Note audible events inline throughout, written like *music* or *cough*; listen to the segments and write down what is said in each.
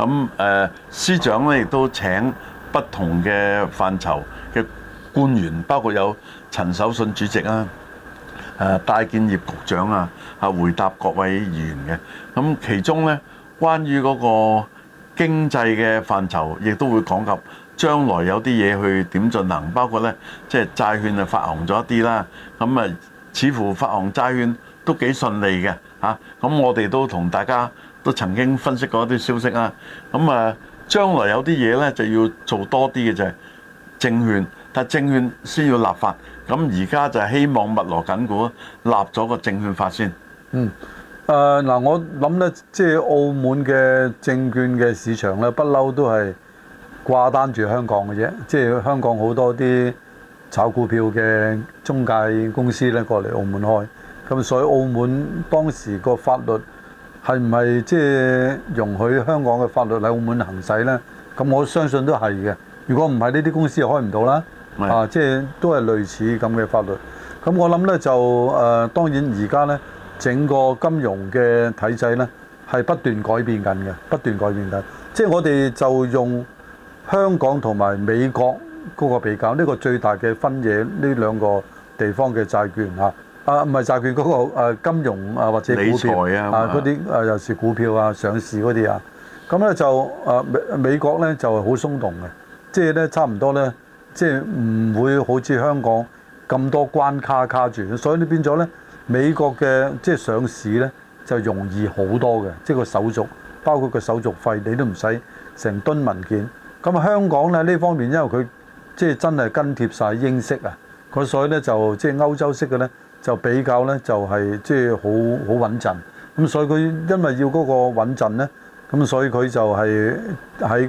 咁誒、啊、司長咧，亦都請不同嘅範疇嘅官員，包括有陳守信主席啊、誒、啊、戴建業局長啊，係、啊、回答各位議員嘅。咁其中咧，關於嗰個經濟嘅範疇亦都會講及將來有啲嘢去點進行，包括咧即係債券啊發行咗一啲啦。咁啊，似乎發行債券都幾順利嘅吓，咁、啊、我哋都同大家。都曾經分析過一啲消息啦。咁啊，將來有啲嘢咧就要做多啲嘅就係證券，但係證券先要立法。咁而家就希望密鑼緊鼓立咗個證券法先。嗯。誒嗱，我諗咧，即係澳門嘅證券嘅市場咧，不嬲都係掛單住香港嘅啫。即係香港好多啲炒股票嘅中介公司咧過嚟澳門開，咁所以澳門當時個法律。係唔係即係容許香港嘅法律喺澳門行使呢？咁我相信都係嘅。如果唔係，呢啲公司開唔到啦。的啊，即係都係類似咁嘅法律。咁我諗呢，就誒、呃，當然而家呢，整個金融嘅體制呢，係不斷改變緊嘅，不斷改變緊。即係我哋就用香港同埋美國嗰個比較，呢個最大嘅分野呢，兩個地方嘅債券啊。啊，唔係債券嗰個金融啊，或者股票理財啊，啊，嗰啲誒又是股票啊，上市嗰啲啊，咁咧就誒、啊、美美國咧就係、是、好鬆動嘅，即係咧差唔多咧，即係唔會好似香港咁多關卡卡住，所以咧變咗咧美國嘅即係上市咧就容易好多嘅，即係個手續，包括個手續費你都唔使成噸文件。咁、嗯、啊，香港咧呢方面因為佢即係真係跟貼晒英式啊，佢所以咧就即係、就是、歐洲式嘅咧。就比較咧、就係，就係即係好好穩陣咁，所以佢因為要嗰個穩陣咧，咁所以佢就係喺嗰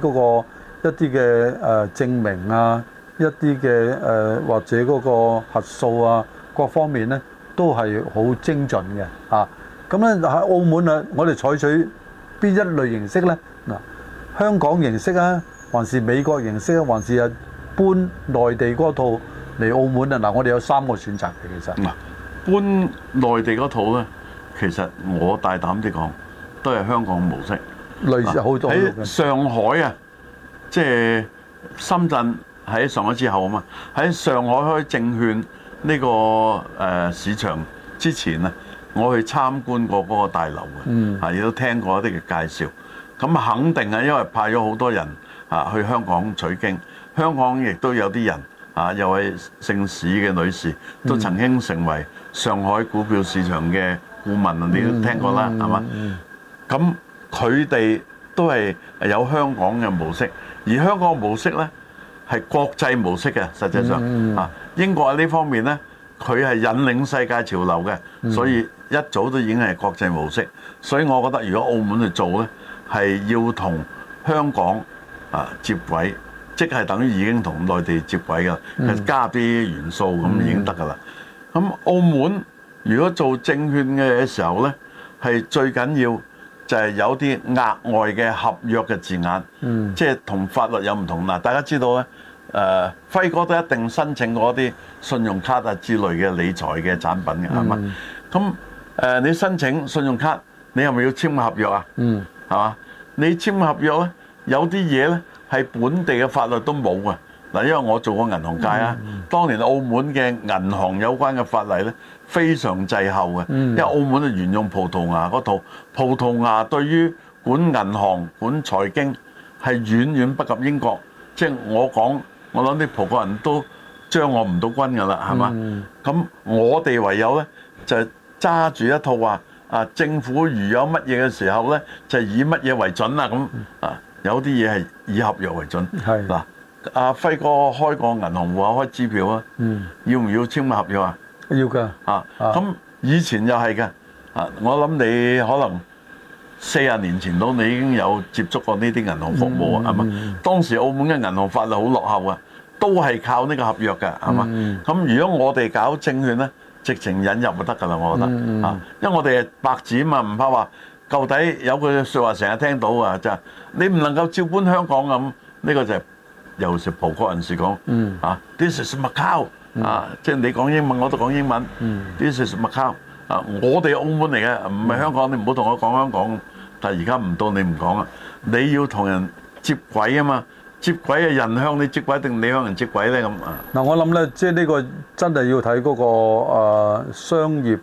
個一啲嘅誒證明啊，一啲嘅誒或者嗰個核數啊，各方面咧都係好精準嘅嚇。咁咧喺澳門啊，我哋採取邊一類形式咧？嗱，香港形式啊，還是美國形式啊，還是啊搬內地嗰套嚟澳門啊？嗱，我哋有三個選擇嘅、啊、其實。Mm hmm. 搬內地嗰套咧，其實我大膽啲講，都係香港模式，類似好多喺上海啊，即係深圳喺上海之後啊嘛，喺上海開證券呢個誒市場之前啊，我去參觀過嗰個大樓嘅，啊亦都聽過一啲嘅介紹，咁肯定啊，因為派咗好多人啊去香港取經，香港亦都有啲人。啊，又係姓史嘅女士，都曾經成為上海股票市場嘅顧問，嗯、你都聽過啦，係嘛、嗯？咁佢哋都係有香港嘅模式，而香港模式呢係國際模式嘅，實際上、嗯嗯嗯、啊，英國喺呢方面呢，佢係引領世界潮流嘅，所以一早都已經係國際模式。所以我覺得如果澳門去做呢，係要同香港啊，啊接軌。即係等於已經同內地接軌噶，其、嗯、加啲元素咁、嗯、已經得噶啦。咁澳門如果做證券嘅時候呢，係最緊要就係有啲額外嘅合約嘅字眼，即係同法律有唔同。嗱，大家知道咧，誒、呃、輝哥都一定申請過啲信用卡啊之類嘅理財嘅產品嘅係嘛？咁誒、嗯呃，你申請信用卡，你係咪要簽合約啊？嗯，係嘛？你簽合約呢，有啲嘢呢。係本地嘅法律都冇嘅嗱，因為我做過銀行界啊，嗯、當年澳門嘅銀行有關嘅法例呢，非常滯後嘅，嗯、因為澳門就沿用葡萄牙嗰套，葡萄牙對於管銀行管財經係遠遠不及英國，即係我講，我諗啲葡國人都將我唔到軍㗎啦，係嘛？咁、嗯、我哋唯有呢，就揸住一套話啊，政府如有乜嘢嘅時候呢，就以乜嘢為準啦咁啊。有啲嘢係以合約為準，嗱，係，阿輝哥開個銀行戶口啊，開支票啊，要唔要簽個合約啊？要㗎，啊，咁以前又係嘅，啊，我諗你可能四十年前到你已經有接觸過呢啲銀行服務啊，係嘛？當時澳門嘅銀行法律好落後啊，都係靠呢個合約㗎，係嘛？咁、嗯、如果我哋搞證券咧，直情引入就得㗎啦，我覺得，啊、嗯，嗯、因為我哋係白紙啊嘛，唔怕話。到底有句説話成日聽到啊，就係你唔能夠照搬香港咁，呢個就係由食葡國人士講。嗯。This is Macau。啊，即係你講英文，我都講英文。嗯。This is Macau。啊，我哋澳門嚟嘅，唔係香港，嗯、你唔好同我講香港。但係而家唔到你唔講啊，你要同人接軌啊嘛，接軌啊，人向你接軌定你向人接軌咧咁啊？嗱、嗯，我諗咧，即係呢個真係要睇嗰、那個、呃、商業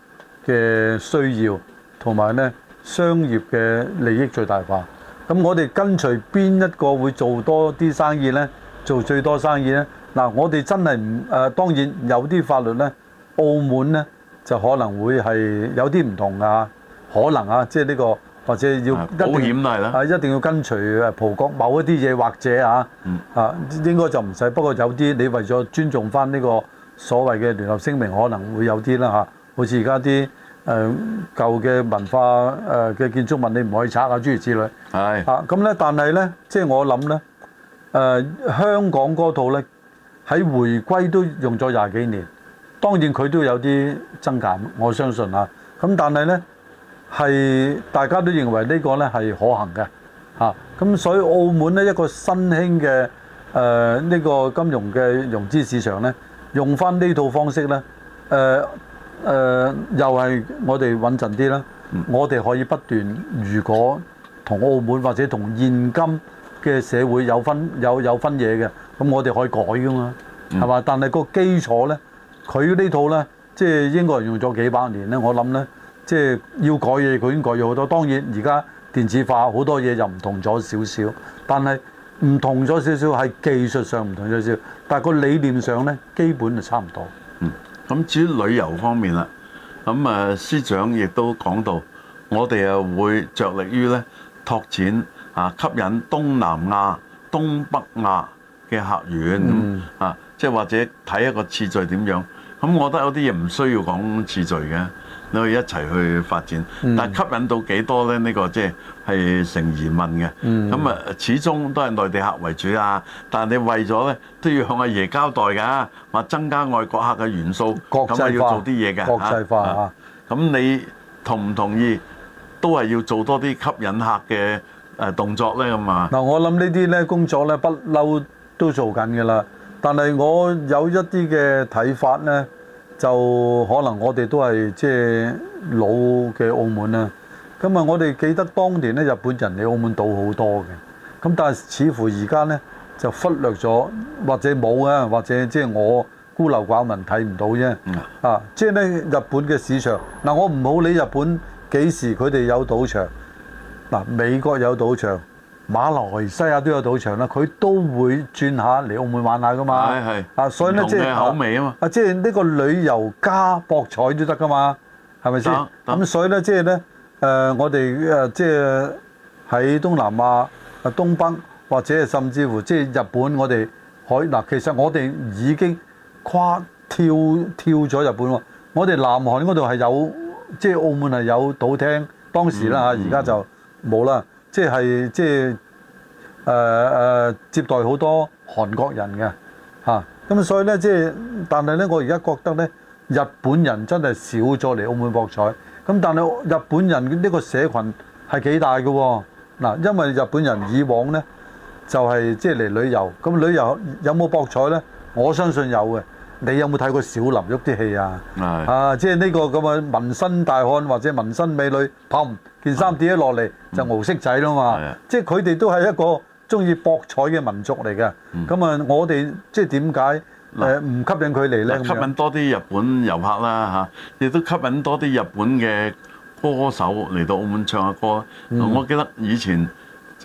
嘅需要同埋咧。商業嘅利益最大化，咁我哋跟隨邊一個會做多啲生意呢？做最多生意呢？嗱，我哋真係唔、誒，當然有啲法律呢，澳門呢就可能會係有啲唔同噶，可能啊，即係呢個或者要、啊、保險啦係啦、啊，一定要跟隨葡國某一啲嘢或者啊，啊應該就唔使，不過有啲你為咗尊重翻呢個所謂嘅聯合聲明，可能會有啲啦嚇，好似而家啲。誒，舊嘅文化誒嘅建築物你唔可以拆啊，諸如此類。係啊，咁咧，但係咧，即係我諗咧，誒，香港嗰套咧喺回歸都用咗廿幾年，當然佢都有啲增減，我相信啊。咁但係咧係大家都認為呢個咧係可行嘅，吓。咁所以澳門咧一個新興嘅誒呢個金融嘅融資市場咧，用翻呢套方式咧，誒。誒、呃、又係我哋穩陣啲啦，嗯、我哋可以不斷。如果同澳門或者同現今嘅社會有分有有分嘢嘅，咁我哋可以改㗎嘛，係嘛？嗯、但係個基礎呢，佢呢套呢，即係英國人用咗幾百年呢。我諗呢，即係要改嘢，佢已經改咗好多。當然而家電子化好多嘢又唔同咗少少，但係唔同咗少少係技術上唔同咗少少，但係個理念上呢，基本就差唔多。嗯。咁至於旅遊方面啦，咁啊司長亦都講到，我哋啊會着力於咧拓展啊吸引東南亞、東北亞嘅客源，啊即係或者睇一個次序點樣，咁我覺得有啲嘢唔需要講次序嘅。你去一齊去發展，但吸引到幾多咧？呢、呢個即係成疑問嘅。咁啊，始終都係內地客為主啊。但你為咗咧，都要向阿爺交代㗎，話增加外國客嘅元素，咁啊要做啲嘢嘅。國際化，國際化啊，咁、啊、你同唔同意？都係要做多啲吸引客嘅誒動作咧。咁啊，嗱，我諗呢啲咧工作咧不嬲都做緊㗎啦。但係我有一啲嘅睇法咧。就可能我哋都係即係老嘅澳門啦。咁啊，我哋記得當年咧，日本人嚟澳門賭好多嘅。咁但係似乎而家咧就忽略咗，或者冇啊，或者即係我孤陋寡聞睇唔到啫。嗯、啊，即係咧日本嘅市場嗱，我唔好理日本幾時佢哋有賭場。嗱，美國有賭場。馬來西亞都有賭場啦，佢都會轉下嚟澳門玩下噶嘛。係係、哎以。啊，所以咧即係口味啊嘛。啊，即係呢個旅遊加博彩都得噶嘛，係咪先？咁所以咧即係咧誒，我哋誒即係喺東南亞、啊東北或者係甚至乎即係日本，我哋海嗱，其實我哋已經跨跳跳咗日本喎。我哋南韓嗰度係有即係澳門係有賭廳，當時啦嚇，而家就冇啦。嗯即係即係誒誒接待好多韓國人嘅嚇，咁、啊、所以咧即係，但係咧我而家覺得咧，日本人真係少咗嚟澳門博彩。咁但係日本人呢個社群係幾大嘅喎、哦？嗱、啊，因為日本人以往咧就係即係嚟旅遊，咁旅遊有冇博彩咧？我相信有嘅。你有冇睇過小林旭啲戲啊？的啊，即係呢個咁嘅紋身大漢或者紋身美女，砰件衫跌咗落嚟就無色仔啦嘛！的即係佢哋都係一個鍾意博彩嘅民族嚟嘅。咁啊、嗯，我哋即係點解誒唔吸引佢嚟咧？吸引多啲日本遊客啦吓，亦、啊、都吸引多啲日本嘅歌手嚟到澳門唱下歌。嗯、我記得以前。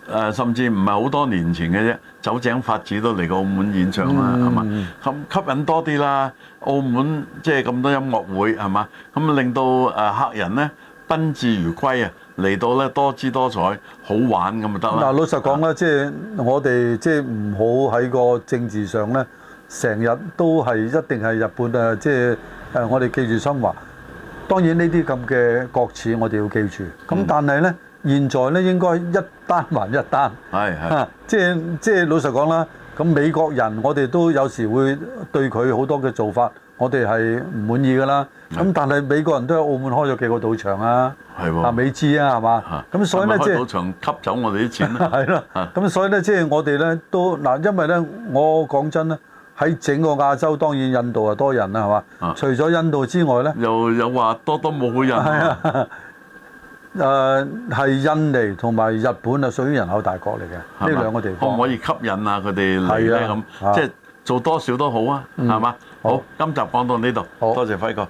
誒甚至唔係好多年前嘅啫，酒井法子都嚟過澳門演唱啦，係嘛？咁吸引多啲啦，澳門即係咁多音樂會係嘛？咁令到誒客人咧，賓至如歸啊，嚟到咧多姿多彩、好玩咁咪得啦。嗱，老實講啦，即係我哋即係唔好喺個政治上咧，成日都係一定係日本誒，即係誒我哋記住心話。當然呢啲咁嘅國恥我哋要記住，咁但係咧。現在咧應該一單還一單，係係是是、啊，即係即係老實講啦。咁美國人我哋都有時會對佢好多嘅做法，我哋係唔滿意㗎啦。咁是的 但係美國人都喺澳門開咗幾個賭場啊，係啊美芝啊，係嘛、啊？咁、啊、所以咧即係賭場吸走我哋啲錢啦。咁、啊、所以咧即係我哋咧都嗱，因為咧我講真咧喺整個亞洲，當然印度啊多人啦，係嘛？啊、除咗印度之外咧、啊，又，又有話多多冇嘅人。 *laughs* *laughs* 誒係、uh, 印尼同埋日本啊，屬於人口大國嚟嘅，呢嗎兩個地方可唔可以吸引啊佢哋嚟咧咁，即係做多少都好啊，係嘛、嗯？吧好，好今集講到呢度，好多謝輝哥。